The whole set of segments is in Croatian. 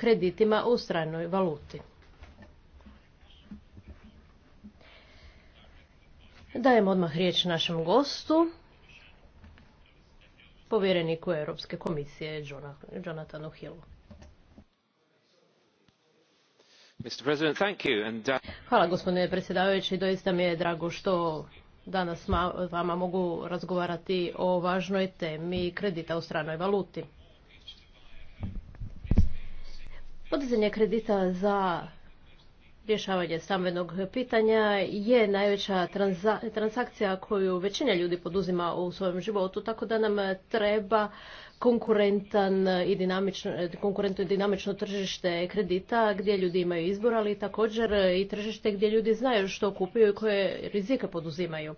kreditima u stranoj valuti. Dajem odmah riječ našem gostu, povjereniku Europske komisije Jonathanu Hillu. Uh, Hvala gospodine predsjedavajući, doista mi je drago što danas vama mogu razgovarati o važnoj temi kredita u stranoj valuti. Podizanje kredita za rješavanje stambenog pitanja je najveća transakcija koju većina ljudi poduzima u svojem životu, tako da nam treba konkurentno i dinamično tržište kredita gdje ljudi imaju izbor, ali također i tržište gdje ljudi znaju što kupuju i koje rizike poduzimaju.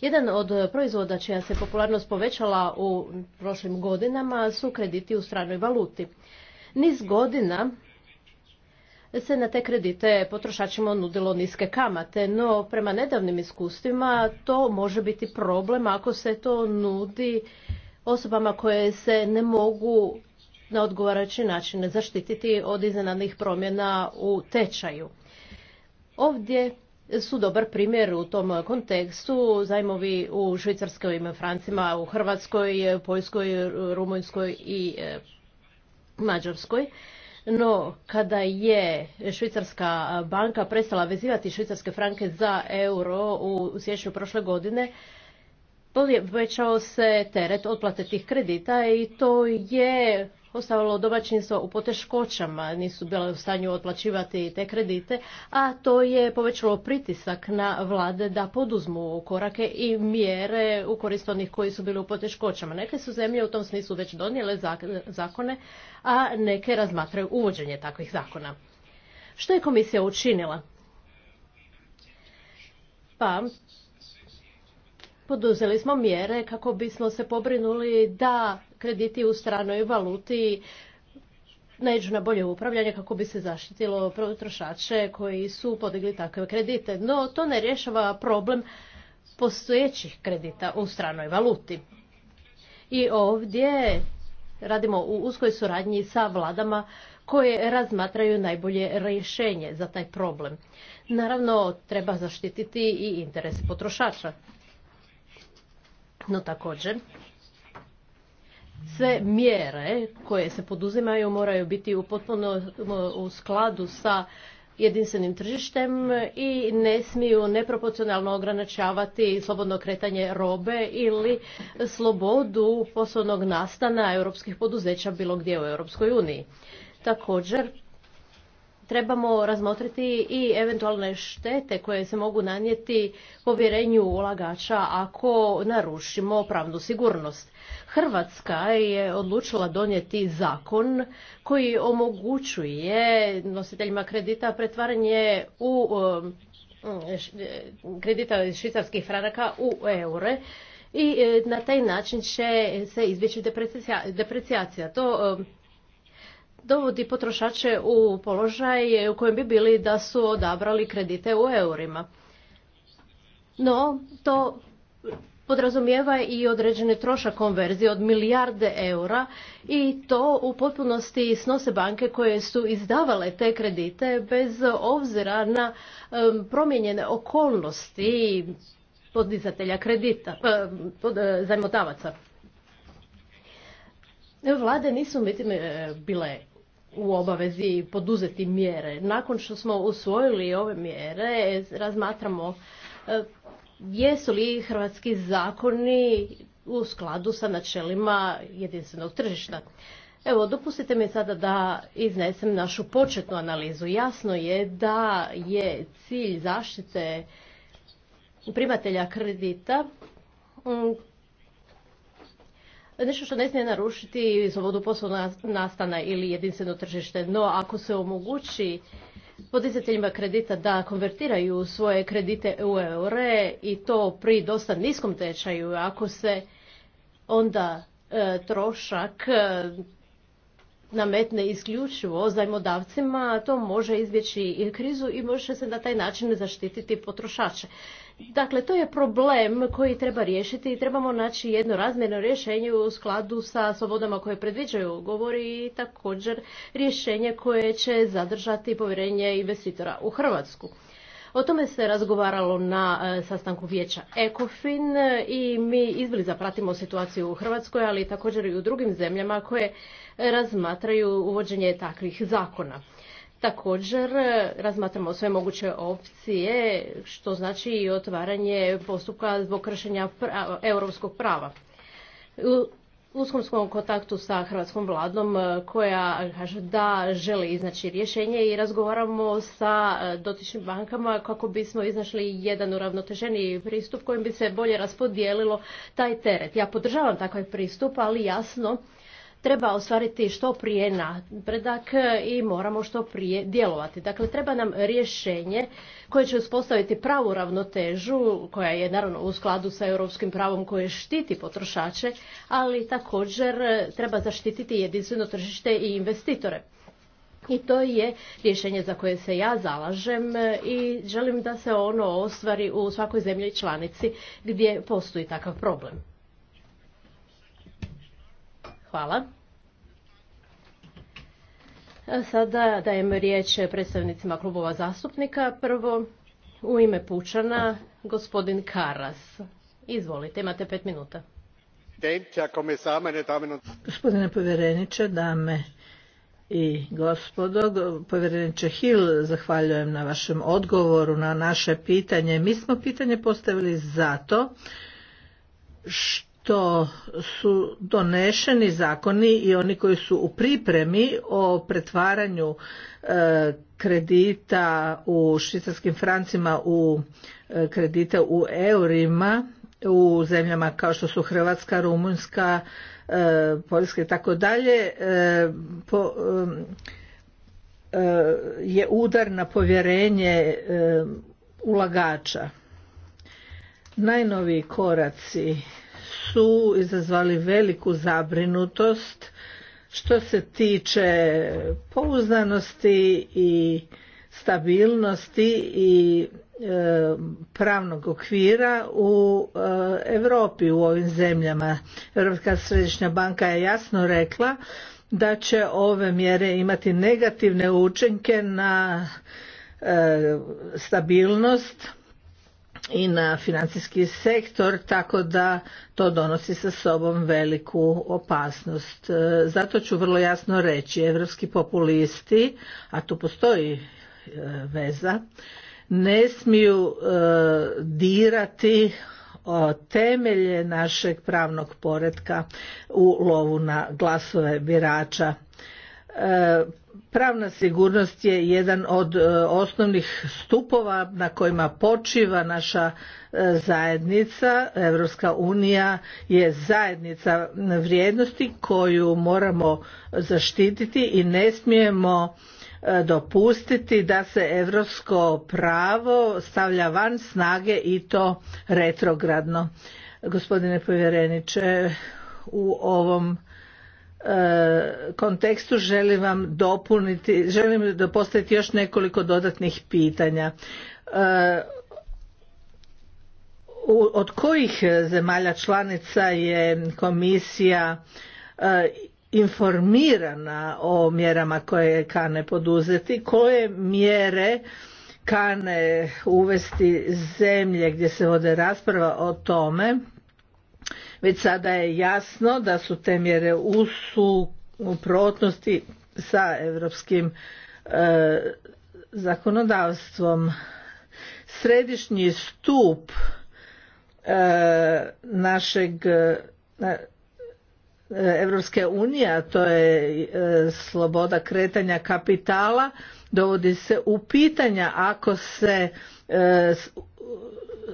Jedan od proizvoda čija se popularnost povećala u prošlim godinama su krediti u stranoj valuti. Niz godina se na te kredite potrošačima nudilo niske kamate, no prema nedavnim iskustvima to može biti problem ako se to nudi osobama koje se ne mogu na odgovarajući način zaštititi od iznenadnih promjena u tečaju. Ovdje su dobar primjer u tom kontekstu zajmovi u Švicarskoj Francima, u Hrvatskoj, Poljskoj, Rumunjskoj i e, Mađarskoj. No, kada je Švicarska banka prestala vezivati švicarske franke za euro u siječnju prošle godine, povećao se teret otplate tih kredita i to je ostavilo domaćinstvo u poteškoćama, nisu bile u stanju otplaćivati te kredite, a to je povećalo pritisak na vlade da poduzmu korake i mjere u korist onih koji su bili u poteškoćama. Neke su zemlje u tom smislu već donijele zakone, a neke razmatraju uvođenje takvih zakona. Što je komisija učinila? Pa, poduzeli smo mjere kako bismo se pobrinuli da krediti u stranoj valuti neđu na bolje upravljanje kako bi se zaštitilo potrošače koji su podigli takve kredite. No, to ne rješava problem postojećih kredita u stranoj valuti. I ovdje radimo u uskoj suradnji sa vladama koje razmatraju najbolje rješenje za taj problem. Naravno, treba zaštititi i interese potrošača. No također, sve mjere koje se poduzimaju moraju biti u potpuno u skladu sa jedinstvenim tržištem i ne smiju neproporcionalno ograničavati slobodno kretanje robe ili slobodu poslovnog nastana europskih poduzeća bilo gdje u Europskoj uniji. Također, trebamo razmotriti i eventualne štete koje se mogu nanijeti povjerenju ulagača ako narušimo pravnu sigurnost. Hrvatska je odlučila donijeti zakon koji omogućuje nositeljima kredita pretvaranje u um, kredita iz švicarskih franaka u eure i e, na taj način će se izbjeći deprecijacija. To um, dovodi potrošače u položaj u kojem bi bili da su odabrali kredite u eurima. No, to podrazumijeva i određene trošak konverzije od milijarde eura i to u potpunosti snose banke koje su izdavale te kredite bez obzira na promijenjene okolnosti podizatelja kredita, pod, e, zajmodavaca. Vlade nisu e, bile u obavezi poduzeti mjere. Nakon što smo usvojili ove mjere, razmatramo e, jesu li hrvatski zakoni u skladu sa načelima jedinstvenog tržišta. Evo, dopustite mi sada da iznesem našu početnu analizu. Jasno je da je cilj zaštite primatelja kredita nešto što ne smije narušiti slobodu poslovna nastana ili jedinstveno tržište. No, ako se omogući podizateljima kredita da konvertiraju svoje kredite u eure i to pri dosta niskom tečaju, ako se onda e, trošak e, nametne isključivo zajmodavcima, to može izbjeći i krizu i može se na taj način zaštititi potrošače. Dakle, to je problem koji treba riješiti i trebamo naći jedno razmjerno rješenje u skladu sa slobodama koje predviđaju ugovori i također rješenje koje će zadržati povjerenje investitora u Hrvatsku. O tome se razgovaralo na e, sastanku vijeća ECOFIN i mi izbliza pratimo situaciju u Hrvatskoj, ali također i u drugim zemljama koje razmatraju uvođenje takvih zakona. Također e, razmatramo sve moguće opcije, što znači i otvaranje postupka zbog kršenja europskog prava. U uskom smo kontaktu sa hrvatskom vladom e, koja kaže da želi iznaći rješenje i razgovaramo sa e, dotičnim bankama kako bismo iznašli jedan uravnoteženi pristup kojim bi se bolje raspodijelilo taj teret. Ja podržavam takav pristup, ali jasno treba ostvariti što prije napredak i moramo što prije djelovati. Dakle, treba nam rješenje koje će uspostaviti pravu ravnotežu, koja je naravno u skladu sa europskim pravom koje štiti potrošače, ali također treba zaštititi jedinstveno tržište i investitore. I to je rješenje za koje se ja zalažem i želim da se ono ostvari u svakoj zemlji članici gdje postoji takav problem. Hvala. Sada dajem riječ predstavnicima klubova zastupnika. Prvo u ime Pučana gospodin Karas. Izvolite, imate pet minuta. Gospodine povjereniče, dame i gospodo, povjereniče Hill, zahvaljujem na vašem odgovoru na naše pitanje. Mi smo pitanje postavili zato što su donešeni zakoni i oni koji su u pripremi o pretvaranju e, kredita u švicarskim francima u e, kredite u eurima u zemljama kao što su Hrvatska, Rumunjska, e, Poljska i tako dalje je udar na povjerenje ulagača. Najnoviji koraci su izazvali veliku zabrinutost što se tiče pouzdanosti i stabilnosti i e, pravnog okvira u e, Europi u ovim zemljama. Europska središnja banka je jasno rekla da će ove mjere imati negativne učinke na e, stabilnost i na financijski sektor tako da to donosi sa sobom veliku opasnost. E, zato ću vrlo jasno reći evropski populisti, a tu postoji e, veza, ne smiju e, dirati temelje našeg pravnog poretka u lovu na glasove birača E, pravna sigurnost je jedan od e, osnovnih stupova na kojima počiva naša e, zajednica. Europska unija je zajednica vrijednosti koju moramo zaštititi i ne smijemo dopustiti da se europsko pravo stavlja van snage i to retrogradno. Gospodine povjereniče, u ovom kontekstu želim vam dopuniti, želim da postaviti još nekoliko dodatnih pitanja. Od kojih zemalja članica je komisija e, informirana o mjerama koje kane poduzeti, koje mjere kane uvesti zemlje gdje se vode rasprava o tome već sada je jasno da su te mjere u suprotnosti sa europskim e, zakonodavstvom. Središnji stup e, našeg e, Evropske unije, a to je e, sloboda kretanja kapitala, dovodi se u pitanja ako se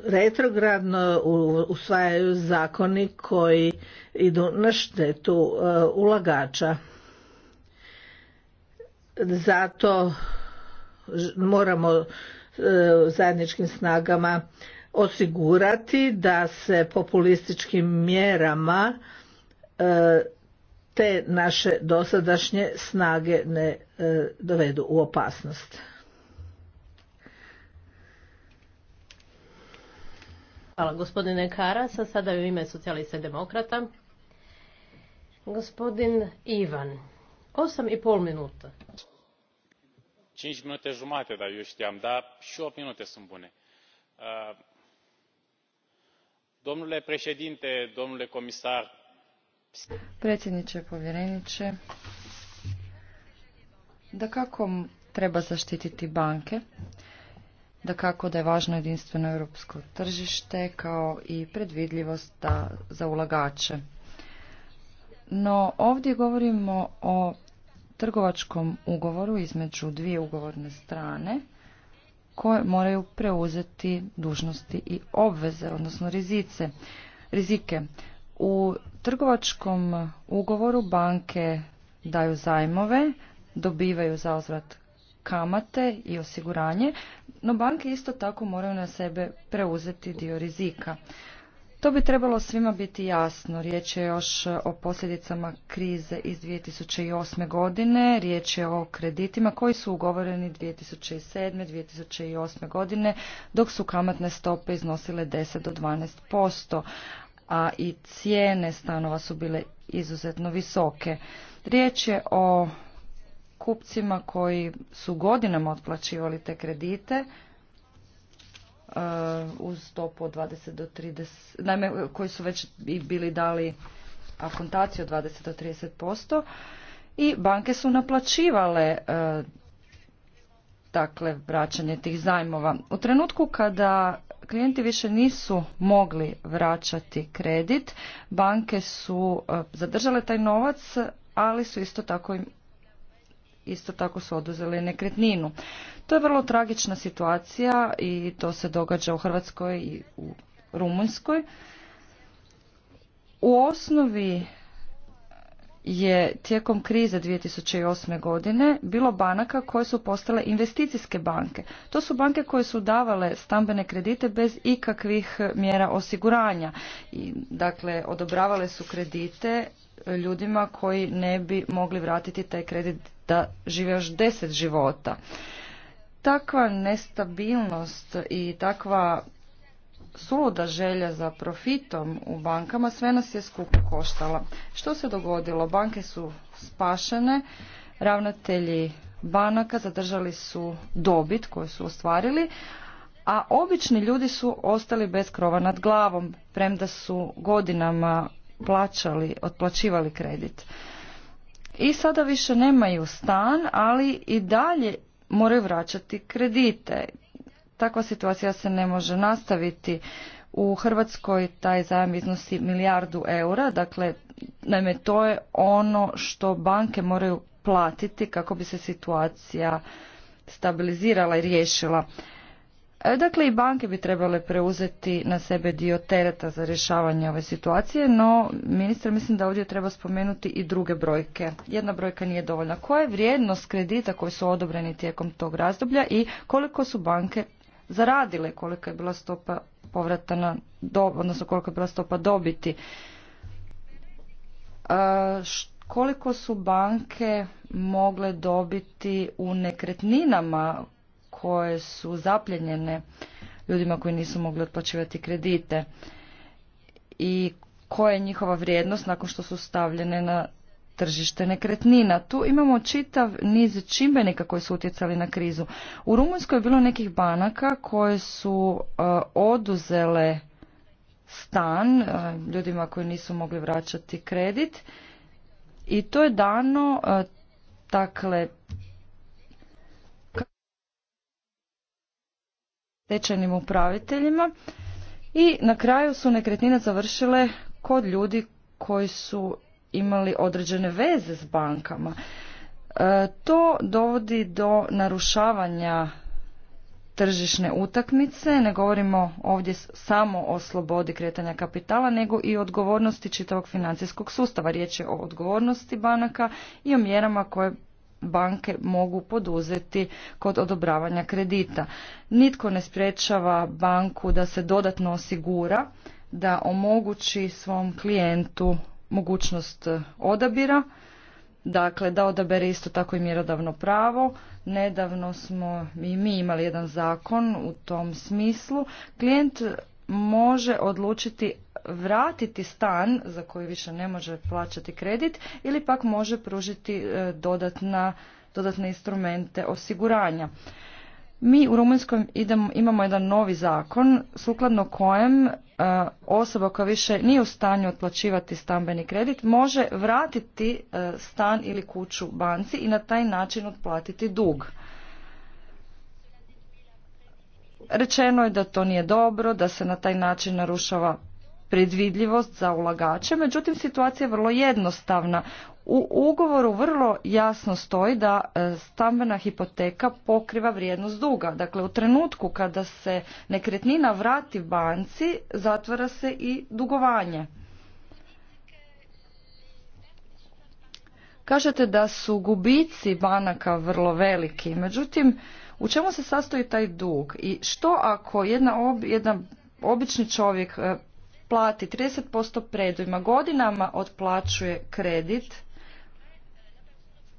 retrogradno usvajaju zakoni koji idu na štetu e, ulagača. Zato moramo e, zajedničkim snagama osigurati da se populističkim mjerama e, te naše dosadašnje snage ne dovedu u opasnost. Hvala gospodine Karasa. Sada je u ime socijalista demokrata. Gospodin Ivan, osam i pol minuta. Cinci minute žumate da još da da și minute sunt bune. domnule prešedinte, domnule komisar. Predsjedniče, povjereniče, da kako treba zaštititi banke? da kako da je važno jedinstveno europsko tržište kao i predvidljivost za ulagače. No ovdje govorimo o trgovačkom ugovoru između dvije ugovorne strane koje moraju preuzeti dužnosti i obveze, odnosno rizice, rizike. U trgovačkom ugovoru banke daju zajmove, dobivaju zauzvrat kamate i osiguranje, no banke isto tako moraju na sebe preuzeti dio rizika. To bi trebalo svima biti jasno. Riječ je još o posljedicama krize iz 2008. godine, riječ je o kreditima koji su ugovoreni 2007. 2008. godine, dok su kamatne stope iznosile 10 do 12%, a i cijene stanova su bile izuzetno visoke. Riječ je o kupcima koji su godinama otplaćivali te kredite e, uz stopu od 20 do 30, naime koji su već i bili dali akontaciju od 20 do 30% i banke su naplaćivale e, dakle vraćanje tih zajmova. U trenutku kada klijenti više nisu mogli vraćati kredit, banke su e, zadržale taj novac, ali su isto tako im isto tako su oduzeli nekretninu. To je vrlo tragična situacija i to se događa u Hrvatskoj i u Rumunjskoj. U osnovi je tijekom krize 2008. godine bilo banaka koje su postale investicijske banke. To su banke koje su davale stambene kredite bez ikakvih mjera osiguranja. I, dakle, odobravale su kredite ljudima koji ne bi mogli vratiti taj kredit da žive još deset života. Takva nestabilnost i takva suluda želja za profitom u bankama sve nas je skupo koštala. Što se dogodilo? Banke su spašene, ravnatelji banaka zadržali su dobit koju su ostvarili, a obični ljudi su ostali bez krova nad glavom, premda su godinama plaćali, otplaćivali kredit. I sada više nemaju stan, ali i dalje moraju vraćati kredite. Takva situacija se ne može nastaviti. U Hrvatskoj taj zajam iznosi milijardu eura, dakle, naime, to je ono što banke moraju platiti kako bi se situacija stabilizirala i riješila. E, dakle, i banke bi trebale preuzeti na sebe dio tereta za rješavanje ove situacije, no ministar mislim da ovdje treba spomenuti i druge brojke. Jedna brojka nije dovoljna. Koja je vrijednost kredita koji su odobreni tijekom tog razdoblja i koliko su banke zaradile, kolika je bila stopa povrata odnosno koliko je bila stopa dobiti. E, koliko su banke mogle dobiti u nekretninama koje su zapljenjene ljudima koji nisu mogli otplaćivati kredite i koja je njihova vrijednost nakon što su stavljene na tržište nekretnina. Tu imamo čitav niz čimbenika koji su utjecali na krizu. U Rumunjskoj je bilo nekih banaka koje su eh, oduzele stan eh, ljudima koji nisu mogli vraćati kredit i to je dano uh, dakle stečajnim upraviteljima i na kraju su nekretnine završile kod ljudi koji su imali određene veze s bankama. E, to dovodi do narušavanja tržišne utakmice, ne govorimo ovdje samo o slobodi kretanja kapitala, nego i odgovornosti čitavog financijskog sustava. Riječ je o odgovornosti banaka i o mjerama koje banke mogu poduzeti kod odobravanja kredita. Nitko ne sprečava banku da se dodatno osigura, da omogući svom klijentu mogućnost odabira, dakle da odabere isto tako i mjerodavno pravo. Nedavno smo i mi imali jedan zakon u tom smislu. Klijent može odlučiti vratiti stan za koji više ne može plaćati kredit ili pak može pružiti e, dodatna, dodatne instrumente osiguranja. Mi u Rumunjskoj idemo, imamo jedan novi zakon sukladno kojem e, osoba koja više nije u stanju otplaćivati stambeni kredit može vratiti e, stan ili kuću banci i na taj način otplatiti dug. Rečeno je da to nije dobro, da se na taj način narušava predvidljivost za ulagače, međutim situacija je vrlo jednostavna. U ugovoru vrlo jasno stoji da e, stambena hipoteka pokriva vrijednost duga. Dakle, u trenutku kada se nekretnina vrati banci, zatvara se i dugovanje. Kažete da su gubici banaka vrlo veliki, međutim, u čemu se sastoji taj dug i što ako jedan obični čovjek e, plati 30% predujma, godinama otplaćuje kredit,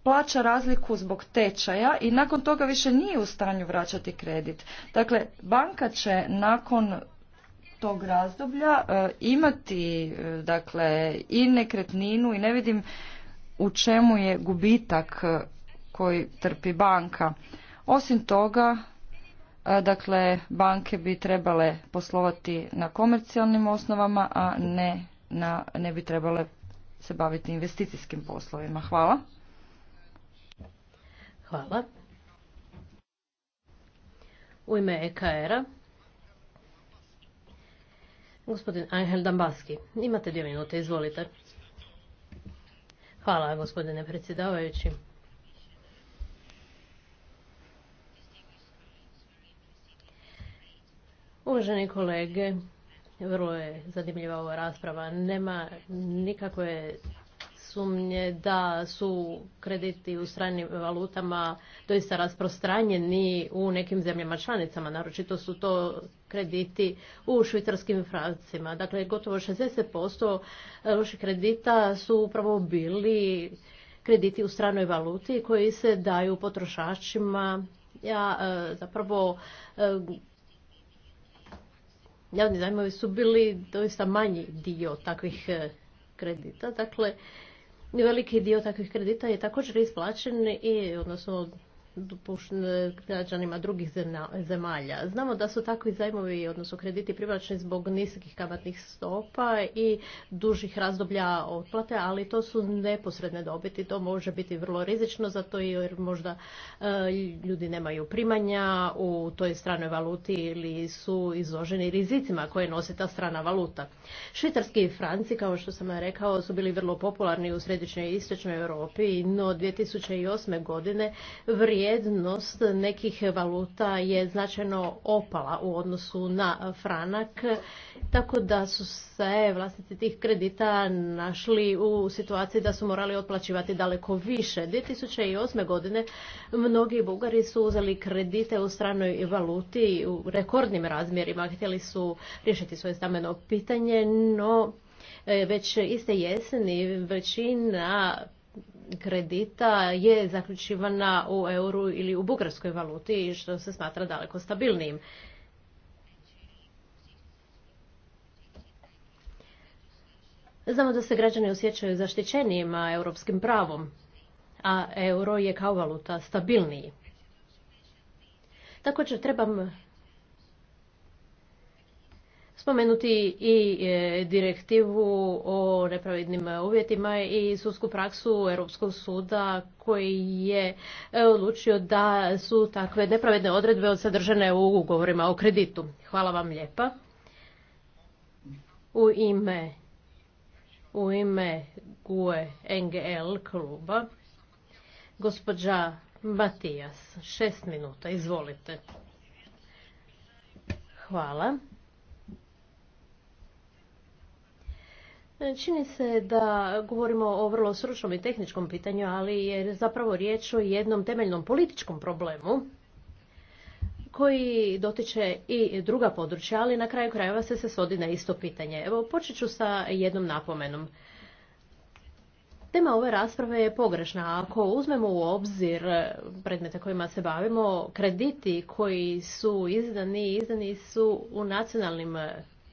plaća razliku zbog tečaja i nakon toga više nije u stanju vraćati kredit. Dakle, banka će nakon tog razdoblja e, imati e, dakle i nekretninu i ne vidim u čemu je gubitak e, koji trpi banka. Osim toga, Dakle, banke bi trebale poslovati na komercijalnim osnovama, a ne, na, ne bi trebale se baviti investicijskim poslovima. Hvala. Hvala. U ime EKR-a, gospodin Angel Dambaski. Imate dvije minute, izvolite. Hvala, gospodine predsjedavajući. Uvaženi kolege, vrlo je zanimljiva ova rasprava. Nema nikakve sumnje da su krediti u stranim valutama doista rasprostranjeni u nekim zemljama članicama, naročito su to krediti u švicarskim francima. Dakle, gotovo 60% loših kredita su upravo bili krediti u stranoj valuti koji se daju potrošačima, Ja e, zapravo e, javni zajmovi su bili doista manji dio takvih e, kredita. Dakle, veliki dio takvih kredita je također isplaćen i, odnosno dopuštene građanima drugih zemalja. Znamo da su takvi zajmovi, odnosno krediti privlačni zbog niskih kamatnih stopa i dužih razdoblja otplate, ali to su neposredne dobiti. To može biti vrlo rizično, zato jer možda e, ljudi nemaju primanja u toj stranoj valuti ili su izloženi rizicima koje nosi ta strana valuta. Švicarski i Franci, kao što sam rekao, su bili vrlo popularni u središnjoj i istočnoj Europi, no 2008. godine vrijednost nekih valuta je značajno opala u odnosu na franak, tako da su se vlasnici tih kredita našli u situaciji da su morali otplaćivati daleko više. 2008. godine mnogi Bugari su uzeli kredite u stranoj valuti u rekordnim razmjerima. Htjeli su riješiti svoje stambeno pitanje, no e, već iste jeseni većina kredita je zaključivana u euru ili u bugarskoj valuti što se smatra daleko stabilnijim. Znamo da se građani osjećaju zaštićenijima europskim pravom, a euro je kao valuta stabilniji. Također trebam spomenuti i e, direktivu o nepravednim uvjetima i sudsku praksu Europskog suda koji je e, odlučio da su takve nepravedne odredbe sadržane u ugovorima o kreditu. Hvala vam lijepa. U ime u ime GUE NGL kluba gospođa Matijas, šest minuta, izvolite. Hvala. E, čini se da govorimo o vrlo stručnom i tehničkom pitanju, ali je zapravo riječ o jednom temeljnom političkom problemu koji dotiče i druga područja, ali na kraju krajeva se se svodi na isto pitanje. Evo, počet ću sa jednom napomenom. Tema ove rasprave je pogrešna. Ako uzmemo u obzir predmete kojima se bavimo, krediti koji su izdani, izdani su u nacionalnim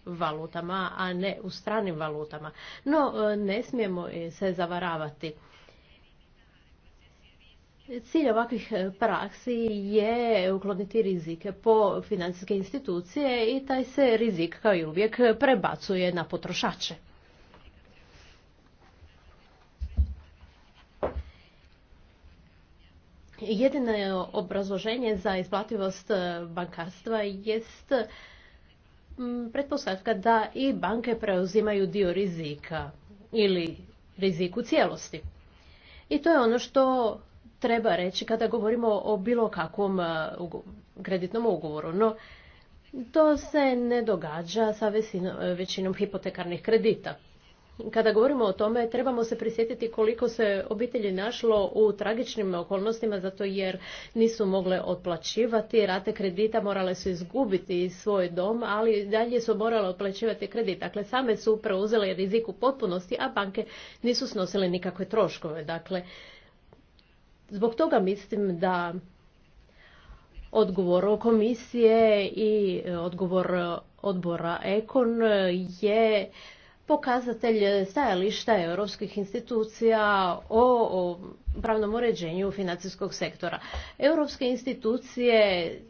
valutama, a ne u stranim valutama. No, e, ne smijemo se zavaravati. Cilj ovakvih e, praksi je ukloniti rizike po financijske institucije i taj se rizik kao i uvijek prebacuje na potrošače. Jedino obrazloženje za isplativost e, bankarstva jest Mm, pretpostavka da i banke preuzimaju dio rizika ili riziku cijelosti. I to je ono što treba reći kada govorimo o bilo kakvom eh, kreditnom ugovoru. No, to se ne događa sa eh, većinom hipotekarnih kredita. Kada govorimo o tome, trebamo se prisjetiti koliko se obitelji našlo u tragičnim okolnostima zato jer nisu mogle otplaćivati, rate kredita morale su izgubiti svoj dom, ali dalje su morale otplaćivati kredit. Dakle, same su preuzele rizik u potpunosti, a banke nisu snosile nikakve troškove. Dakle, zbog toga mislim da odgovor komisije i odgovor odbora Ekon je pokazatelj e, stajališta europskih institucija o pravnom uređenju financijskog sektora. Europske institucije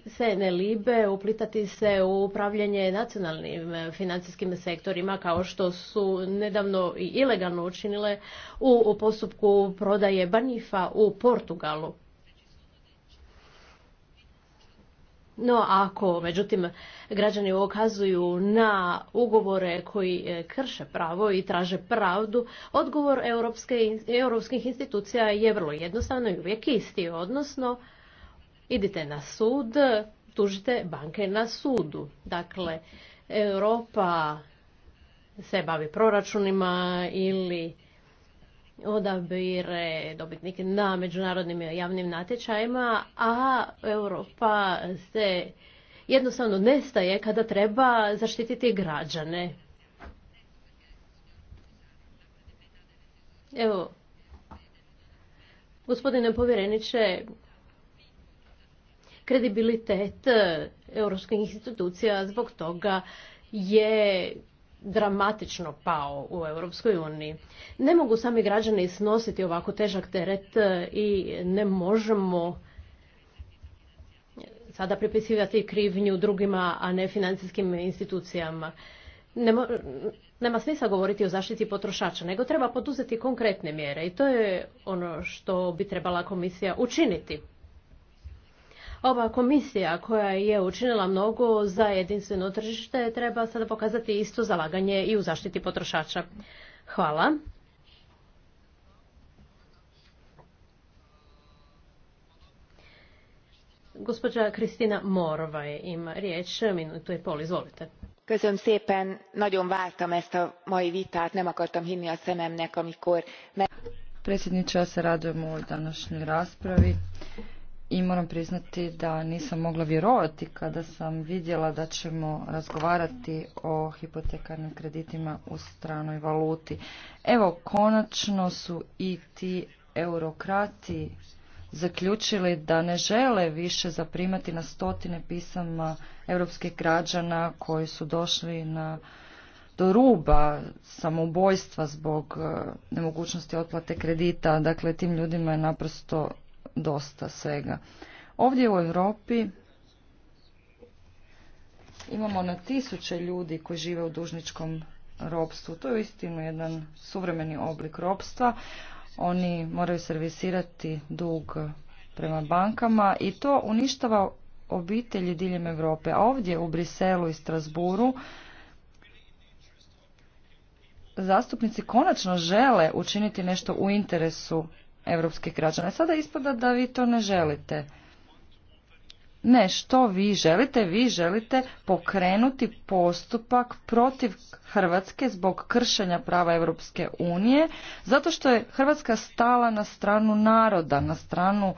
se ne libe uplitati se u upravljanje nacionalnim e, financijskim sektorima kao što su nedavno i ilegalno učinile u postupku prodaje Banifa u Portugalu. No, ako međutim građani ukazuju na ugovore koji e, krše pravo i traže pravdu, odgovor europskih institucija je vrlo jednostavno i uvijek isti, odnosno idite na sud, tužite banke na sudu. Dakle, Europa se bavi proračunima ili odabire dobitnike na međunarodnim javnim natječajima, a Europa se jednostavno nestaje kada treba zaštititi građane. Evo, gospodine povjereniče, kredibilitet europskih institucija zbog toga je dramatično pao u Europskoj uniji. Ne mogu sami građani snositi ovako težak teret e, i ne možemo sada pripisivati krivnju drugima, a ne financijskim institucijama. nema smisla govoriti o zaštiti potrošača, nego treba poduzeti konkretne mjere i to je ono što bi trebala komisija učiniti. Ova komisija koja je učinila mnogo za jedinstveno tržište treba sada pokazati isto zalaganje i u zaštiti potrošača. Hvala. Gospođa Kristina Morova je ima riječ, minutu i pol, izvolite. Köszönöm szépen, nagyon vártam ezt a mai vitát, nem akartam hinni a szememnek, amikor... Predsjedniče, ja se radujem ovoj današnjoj raspravi i moram priznati da nisam mogla vjerovati kada sam vidjela da ćemo razgovarati o hipotekarnim kreditima u stranoj valuti. Evo, konačno su i ti eurokrati zaključili da ne žele više zaprimati na stotine pisama europskih građana koji su došli na do ruba samoubojstva zbog eh, nemogućnosti otplate kredita. Dakle, tim ljudima je naprosto dosta svega. Ovdje u Europi imamo na tisuće ljudi koji žive u dužničkom ropstvu. To je uistinu jedan suvremeni oblik ropstva. Oni moraju servisirati dug prema bankama i to uništava obitelji diljem Europe. A ovdje u Briselu i Strasburu zastupnici konačno žele učiniti nešto u interesu europskih građana. Sada ispada da vi to ne želite. Ne, što vi želite? Vi želite pokrenuti postupak protiv Hrvatske zbog kršenja prava Europske unije, zato što je Hrvatska stala na stranu naroda, na stranu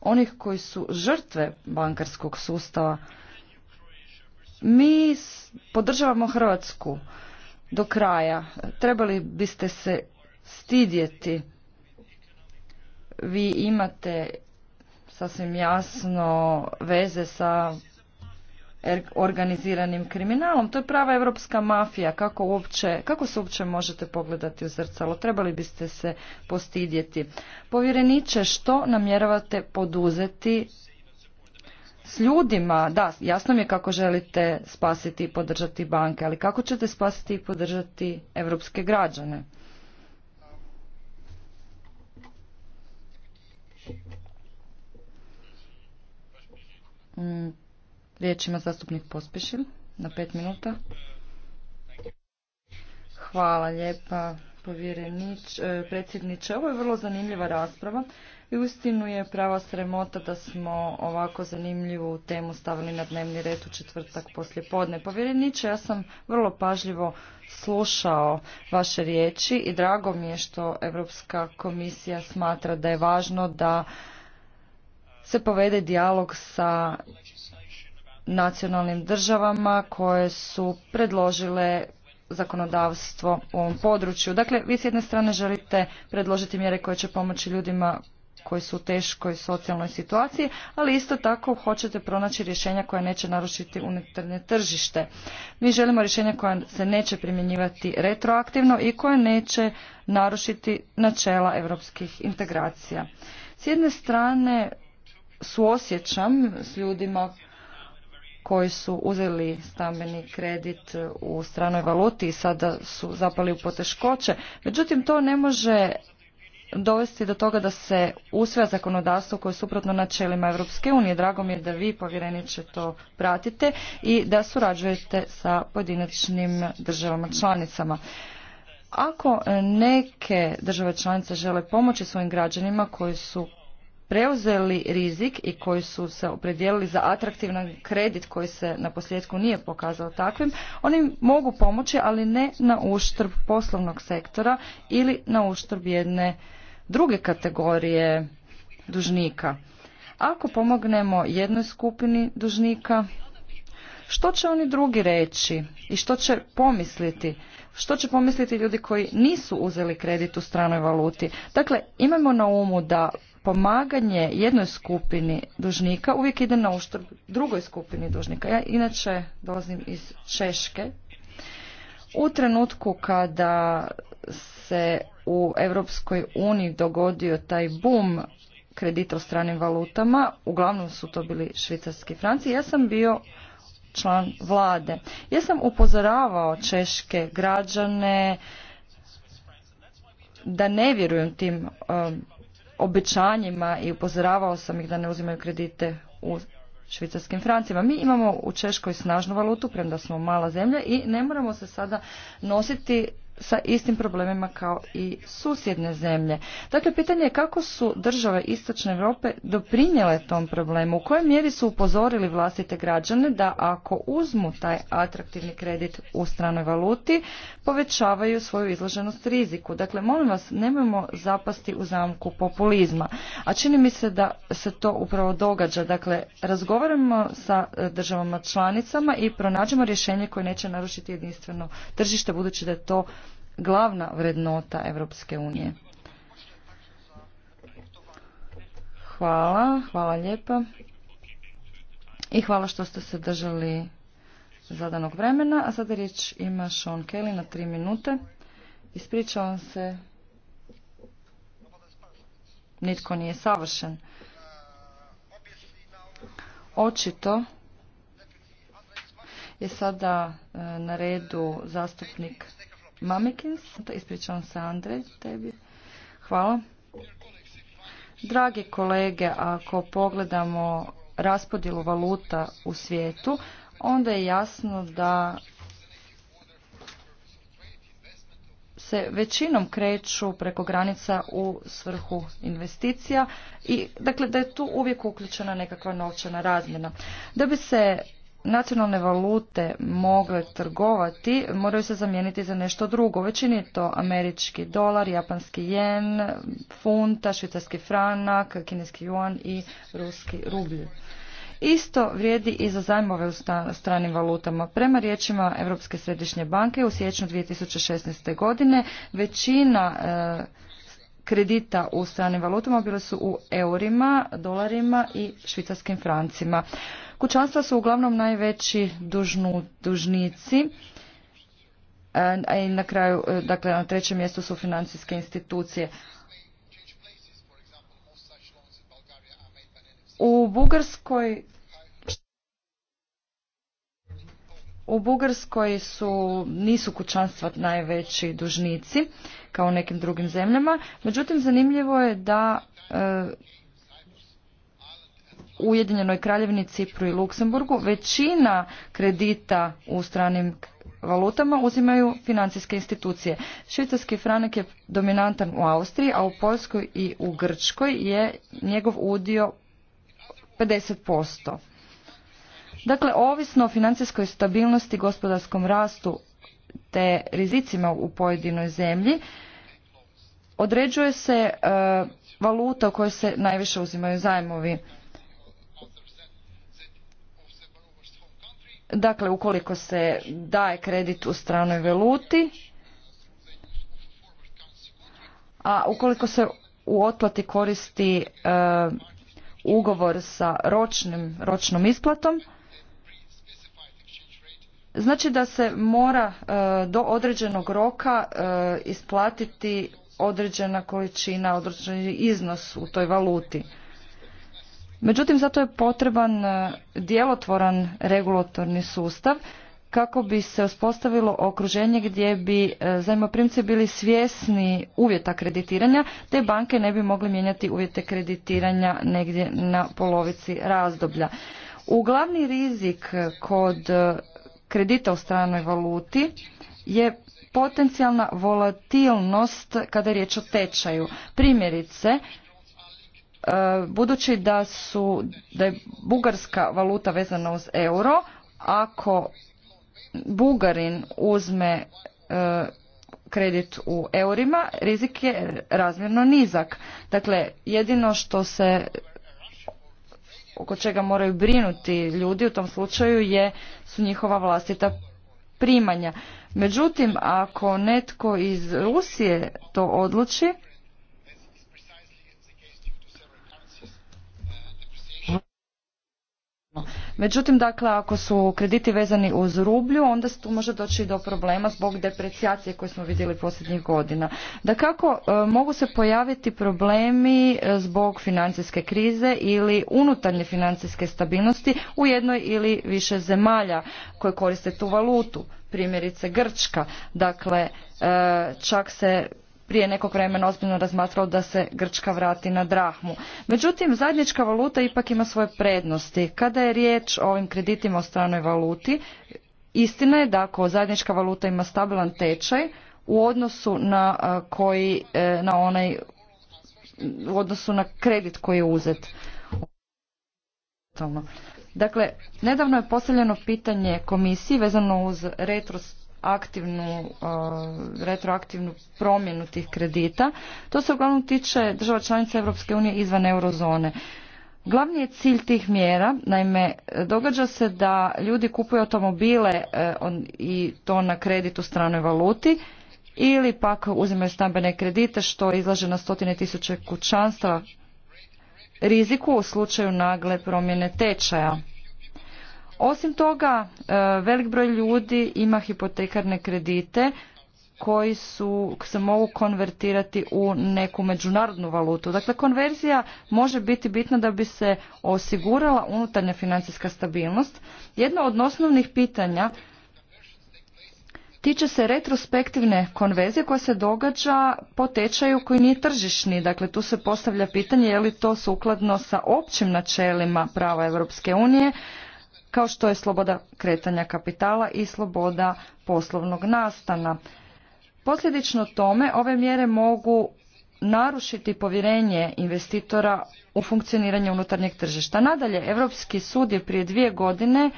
onih koji su žrtve bankarskog sustava. Mi podržavamo Hrvatsku do kraja. Trebali biste se stidjeti vi imate sasvim jasno veze sa er- organiziranim kriminalom. To je prava evropska mafija. Kako, uopće, kako se uopće možete pogledati u zrcalo? Trebali biste se postidjeti. Povjereniče, što namjeravate poduzeti s ljudima? Da, jasno mi je kako želite spasiti i podržati banke, ali kako ćete spasiti i podržati evropske građane? Mm, riječ ima zastupnik Pospišil na pet minuta. Hvala lijepa povjerenič, e, predsjedniče. Ovo je vrlo zanimljiva rasprava i uistinu je prava sremota da smo ovako zanimljivu temu stavili na dnevni red u četvrtak poslje podne. Povjereniče, ja sam vrlo pažljivo slušao vaše riječi i drago mi je što Europska komisija smatra da je važno da se povede dijalog sa nacionalnim državama koje su predložile zakonodavstvo u ovom području. Dakle, vi s jedne strane želite predložiti mjere koje će pomoći ljudima koji su u teškoj socijalnoj situaciji, ali isto tako hoćete pronaći rješenja koja neće narušiti unutarnje tržište. Mi želimo rješenja koja se neće primjenjivati retroaktivno i koja neće narušiti načela europskih integracija. S jedne strane suosjećam s ljudima koji su uzeli stambeni kredit u stranoj valuti i sada su zapali u poteškoće. Međutim, to ne može dovesti do toga da se usvaja zakonodavstvo koje je suprotno načelima Europske unije. Drago mi je da vi, povjereniče, to pratite i da surađujete sa pojedinačnim državama članicama. Ako neke države članice žele pomoći svojim građanima koji su preuzeli rizik i koji su se opredijelili za atraktivan kredit koji se na posljedku nije pokazao takvim, oni mogu pomoći, ali ne na uštrb poslovnog sektora ili na uštrb jedne druge kategorije dužnika. Ako pomognemo jednoj skupini dužnika, što će oni drugi reći i što će pomisliti? Što će pomisliti ljudi koji nisu uzeli kredit u stranoj valuti? Dakle, imamo na umu da pomaganje jednoj skupini dužnika uvijek ide na uštrb drugoj skupini dužnika. Ja inače dolazim iz Češke. U trenutku kada se u Europskoj uniji dogodio taj bum kredita u stranim valutama, uglavnom su to bili švicarski franci, ja sam bio član vlade. Ja sam upozoravao češke građane da ne vjerujem tim um, obećanjima i upozoravao sam ih da ne uzimaju kredite u švicarskim francima. Mi imamo u Češkoj snažnu valutu, premda smo mala zemlja i ne moramo se sada nositi sa istim problemima kao i susjedne zemlje. Dakle, pitanje je kako su države Istočne Europe doprinjele tom problemu, u kojoj mjeri su upozorili vlastite građane da ako uzmu taj atraktivni kredit u stranoj valuti, povećavaju svoju izloženost riziku. Dakle, molim vas, nemojmo zapasti u zamku populizma. A čini mi se da se to upravo događa. Dakle, razgovaramo sa e, državama članicama i pronađemo rješenje koje neće narušiti jedinstveno tržište, budući da je to glavna vrednota Europske unije. Hvala, hvala lijepa. I hvala što ste se držali zadanog vremena. A sada riječ ima Sean Kelly na tri minute. Ispričavam se. Nitko nije savršen. Očito je sada e, na redu zastupnik Mamikins. Ispričavam se Andrej, tebi. Hvala. Dragi kolege, ako pogledamo raspodjelu valuta u svijetu, onda je jasno da se većinom kreću preko granica u svrhu investicija i dakle da je tu uvijek uključena nekakva novčana razmjena. Da bi se nacionalne valute mogle trgovati, moraju se zamijeniti za nešto drugo. većini je to američki dolar, japanski jen, funta, švicarski franak, kineski juan i ruski rublj. Isto vrijedi i za zajmove u stranim valutama. Prema riječima Europske središnje banke u siječnju 2016. godine većina e, kredita u stranim valutama bile su u eurima, dolarima i švicarskim francima. Kućanstva su uglavnom najveći dužnu, dužnici. E, a i na kraju, e, dakle, na trećem mjestu su financijske institucije. U Bugarskoj U Bugarskoj su, nisu kućanstva najveći dužnici, kao u nekim drugim zemljama. Međutim, zanimljivo je da e, u Ujedinjenoj kraljevini, Cipru i Luksemburgu većina kredita u stranim valutama uzimaju financijske institucije. Švicarski franak je dominantan u Austriji, a u Poljskoj i u Grčkoj je njegov udio 50%. Dakle, ovisno o financijskoj stabilnosti, gospodarskom rastu te rizicima u pojedinoj zemlji, određuje se e, valuta u kojoj se najviše uzimaju zajmovi. Dakle, ukoliko se daje kredit u stranoj valuti, a ukoliko se u otplati koristi e, ugovor sa ročnom isplatom, Znači da se mora e, do određenog roka e, isplatiti određena količina, određeni iznos u toj valuti. Međutim, zato je potreban e, djelotvoran regulatorni sustav kako bi se uspostavilo okruženje gdje bi zajmoprimci bili svjesni uvjeta kreditiranja, te banke ne bi mogle mijenjati uvjete kreditiranja negdje na polovici razdoblja. Uglavni glavni rizik kod kredita u stranoj valuti je potencijalna volatilnost kada je riječ o tečaju. Primjerice, e, budući da, su, da je bugarska valuta vezana uz euro, ako Bugarin uzme e, kredit u eurima, rizik je razmjerno nizak. Dakle, jedino što se oko čega moraju brinuti ljudi u tom slučaju je, su njihova vlastita primanja. Međutim, ako netko iz Rusije to odluči, Međutim, dakle, ako su krediti vezani uz rublju, onda se tu može doći do problema zbog deprecijacije koje smo vidjeli posljednjih godina. Da kako e, mogu se pojaviti problemi e, zbog financijske krize ili unutarnje financijske stabilnosti u jednoj ili više zemalja koje koriste tu valutu, primjerice Grčka. Dakle, e, čak se prije nekog vremena ozbiljno razmatralo da se Grčka vrati na drahmu. Međutim, zajednička valuta ipak ima svoje prednosti. Kada je riječ o ovim kreditima u stranoj valuti, istina je da ako zajednička valuta ima stabilan tečaj u odnosu na koji, e, na onaj u odnosu na kredit koji je uzet. Ono. Dakle, nedavno je postavljeno pitanje komisiji vezano uz retros aktivnu, uh, retroaktivnu promjenu tih kredita. To se uglavnom tiče država članica Europske unije izvan eurozone. Glavni je cilj tih mjera, naime, događa se da ljudi kupuju automobile uh, i to na kredit u stranoj valuti ili pak uzimaju stambene kredite što izlaže na stotine tisuće kućanstva riziku u slučaju nagle promjene tečaja. Osim toga, e, velik broj ljudi ima hipotekarne kredite koji su, se mogu konvertirati u neku međunarodnu valutu. Dakle, konverzija može biti bitna da bi se osigurala unutarnja financijska stabilnost. Jedno od osnovnih pitanja tiče se retrospektivne konverzije koja se događa po tečaju koji nije tržišni. Dakle, tu se postavlja pitanje je li to sukladno sa općim načelima prava Europske unije kao što je sloboda kretanja kapitala i sloboda poslovnog nastana. Posljedično tome ove mjere mogu narušiti povjerenje investitora u funkcioniranje unutarnjeg tržišta. Nadalje, Europski sud je prije dvije godine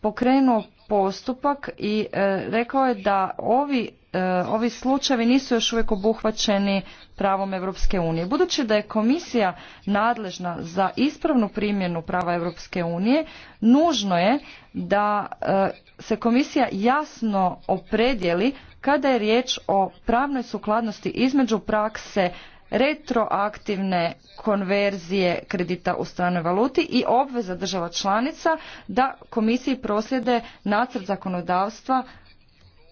pokrenuo postupak i e, rekao je da ovi e, ovi slučajevi nisu još uvijek obuhvaćeni pravom Europske unije. Budući da je komisija nadležna za ispravnu primjenu prava Europske unije, nužno je da e, se komisija jasno opredjeli kada je riječ o pravnoj sukladnosti između prakse retroaktivne konverzije kredita u stranoj valuti i obveza država članica da komisiji proslijede nacrt zakonodavstva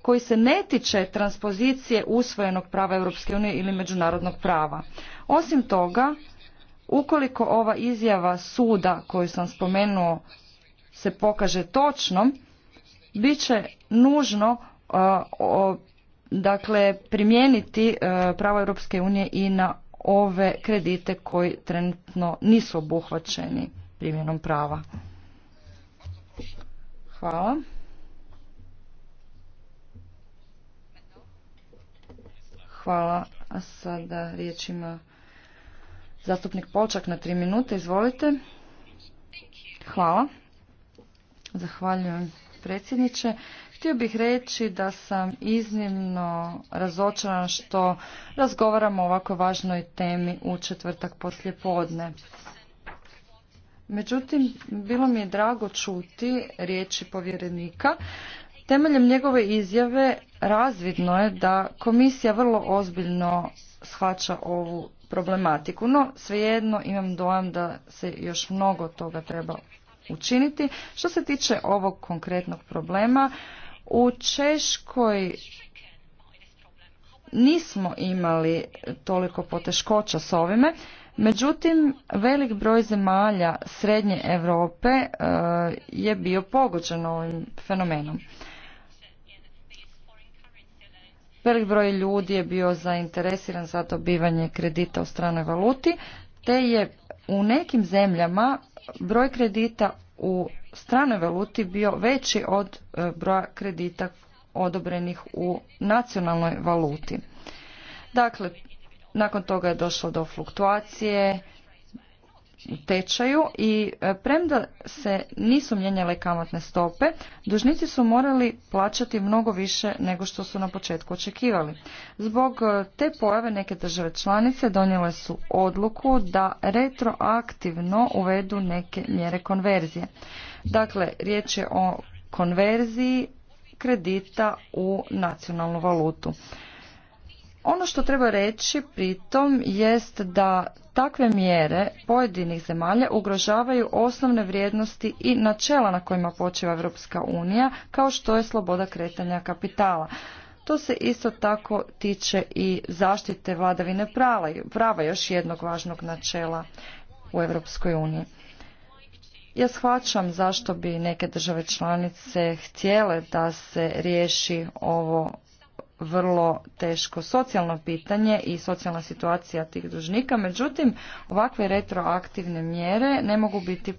koji se ne tiče transpozicije usvojenog prava Europske unije ili međunarodnog prava. Osim toga, ukoliko ova izjava suda koju sam spomenuo se pokaže točnom, bit će nužno uh, dakle primijeniti e, pravo Europske unije i na ove kredite koji trenutno nisu obuhvaćeni primjenom prava. Hvala. Hvala. A sada riječ ima zastupnik Polčak na tri minute. Izvolite. Hvala. Zahvaljujem predsjedniče. Htio bih reći da sam iznimno razočarana što razgovaramo o ovako važnoj temi u četvrtak poslje podne. Međutim, bilo mi je drago čuti riječi povjerenika. Temeljem njegove izjave razvidno je da komisija vrlo ozbiljno shvaća ovu problematiku, no svejedno imam dojam da se još mnogo toga treba učiniti. Što se tiče ovog konkretnog problema, u Češkoj nismo imali toliko poteškoća s ovime, međutim velik broj zemalja srednje Europe e, je bio pogođen ovim fenomenom. Velik broj ljudi je bio zainteresiran za dobivanje kredita u stranoj valuti, te je u nekim zemljama broj kredita u stranoj valuti bio veći od e, broja kredita odobrenih u nacionalnoj valuti. Dakle, nakon toga je došlo do fluktuacije, tečaju i e, premda se nisu mijenjale kamatne stope, dužnici su morali plaćati mnogo više nego što su na početku očekivali. Zbog e, te pojave neke države članice donijele su odluku da retroaktivno uvedu neke mjere konverzije. Dakle, riječ je o konverziji kredita u nacionalnu valutu. Ono što treba reći pritom jest da takve mjere pojedinih zemalja ugrožavaju osnovne vrijednosti i načela na kojima počeva Europska unija, kao što je sloboda kretanja kapitala. To se isto tako tiče i zaštite vladavine prava, prava još jednog važnog načela u Europskoj uniji. Ja shvaćam zašto bi neke države članice htjele da se riješi ovo vrlo teško socijalno pitanje i socijalna situacija tih dužnika, međutim ovakve retroaktivne mjere ne mogu biti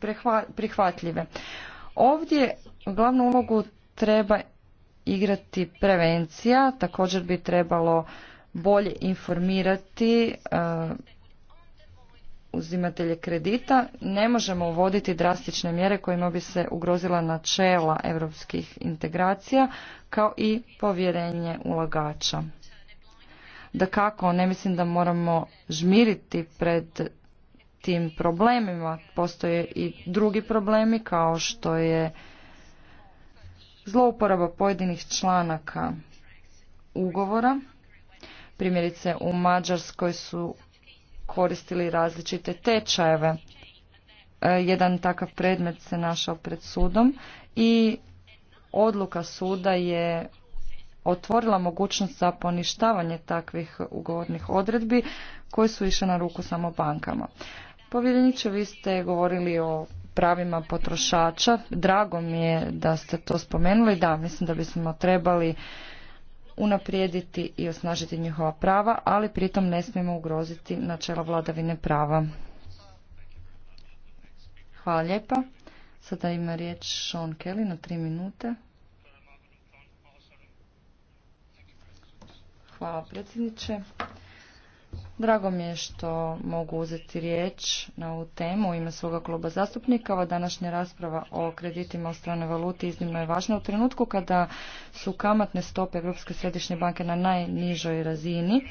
prihvatljive. Ovdje glavnu ulogu treba igrati prevencija, također bi trebalo bolje informirati e, uzimatelje kredita ne možemo uvoditi drastične mjere kojima bi se ugrozila načela europskih integracija kao i povjerenje ulagača. Da kako, ne mislim da moramo žmiriti pred tim problemima. Postoje i drugi problemi kao što je zlouporaba pojedinih članaka ugovora. Primjerice u Mađarskoj su koristili različite tečajeve. E, jedan takav predmet se našao pred sudom i odluka suda je otvorila mogućnost za poništavanje takvih ugovornih odredbi koje su išle na ruku samo bankama. Povjereniče, vi ste govorili o pravima potrošača. Drago mi je da ste to spomenuli. Da, mislim da bismo trebali unaprijediti i osnažiti njihova prava, ali pritom ne smijemo ugroziti načela vladavine prava. Hvala lijepa. Sada ima riječ Sean Kelly na tri minute. Hvala predsjedniče. Drago mi je što mogu uzeti riječ na ovu temu u ime svoga kluba zastupnika. Ova današnja rasprava o kreditima u stranoj valuti iznimno je važna u trenutku kada su kamatne stope Europske središnje banke na najnižoj razini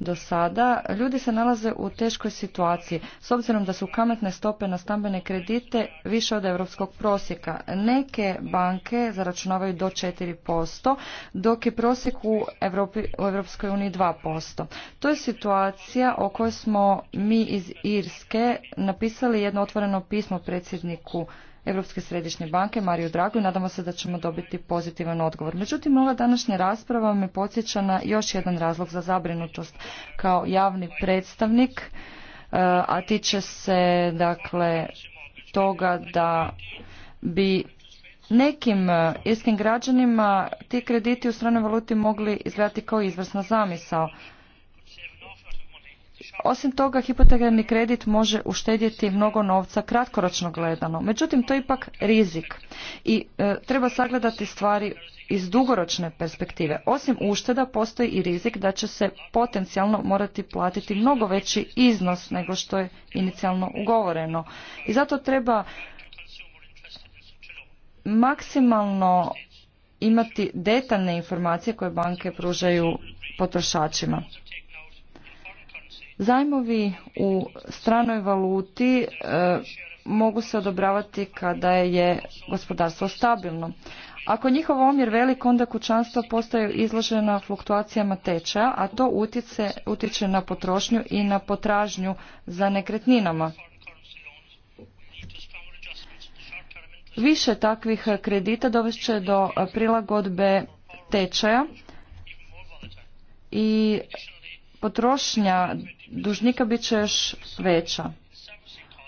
do sada, ljudi se nalaze u teškoj situaciji. S obzirom da su kamatne stope na stambene kredite više od europskog prosjeka. Neke banke zaračunavaju do 4%, dok je prosjek u, EU u Europskoj uniji 2%. To je situacija o kojoj smo mi iz Irske napisali jedno otvoreno pismo predsjedniku Europske središnje banke Mariju Dragu i nadamo se da ćemo dobiti pozitivan odgovor. Međutim, ova današnja rasprava me podsjeća na još jedan razlog za zabrinutost kao javni predstavnik, e, a tiče se dakle toga da bi nekim e, istim građanima ti krediti u stranoj valuti mogli izgledati kao izvrsna zamisao. Osim toga, hipotekarni kredit može uštedjeti mnogo novca kratkoročno gledano. Međutim, to je ipak rizik i e, treba sagledati stvari iz dugoročne perspektive. Osim ušteda, postoji i rizik da će se potencijalno morati platiti mnogo veći iznos nego što je inicijalno ugovoreno. I zato treba maksimalno imati detaljne informacije koje banke pružaju potrošačima. Zajmovi u stranoj valuti e, mogu se odobravati kada je gospodarstvo stabilno. Ako njihov omjer velik, onda kućanstva postaju izložena fluktuacijama tečaja, a to utječe na potrošnju i na potražnju za nekretninama. Više takvih kredita će do prilagodbe tečaja i potrošnja dužnika bit će još veća.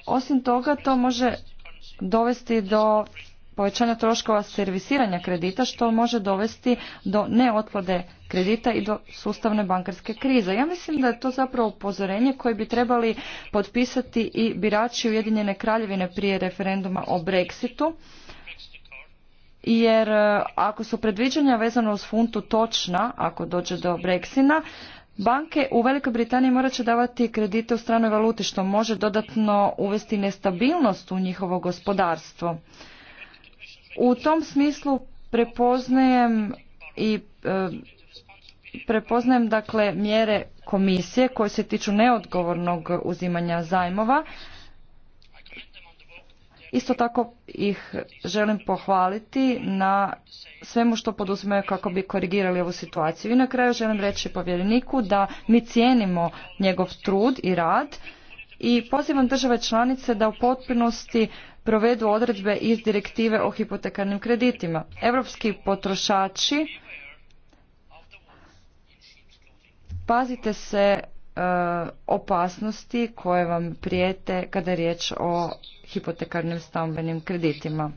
Osim toga, to može dovesti do povećanja troškova servisiranja kredita, što može dovesti do neotplade kredita i do sustavne bankarske krize. Ja mislim da je to zapravo upozorenje koje bi trebali potpisati i birači Ujedinjene kraljevine prije referenduma o Brexitu, jer e, ako su predviđanja vezano uz funtu točna, ako dođe do Brexina, Banke u Velikoj Britaniji morat će davati kredite u stranoj valuti što može dodatno uvesti nestabilnost u njihovo gospodarstvo. U tom smislu prepoznajem i e, prepoznajem dakle mjere komisije koje se tiču neodgovornog uzimanja zajmova Isto tako ih želim pohvaliti na svemu što poduzimaju kako bi korigirali ovu situaciju. I na kraju želim reći povjereniku da mi cijenimo njegov trud i rad i pozivam države članice da u potpunosti provedu odredbe iz direktive o hipotekarnim kreditima. Europski potrošači pazite se Eh, opasnosti koje vam prijete kada je riječ o hipotekarnim stambenim kreditima.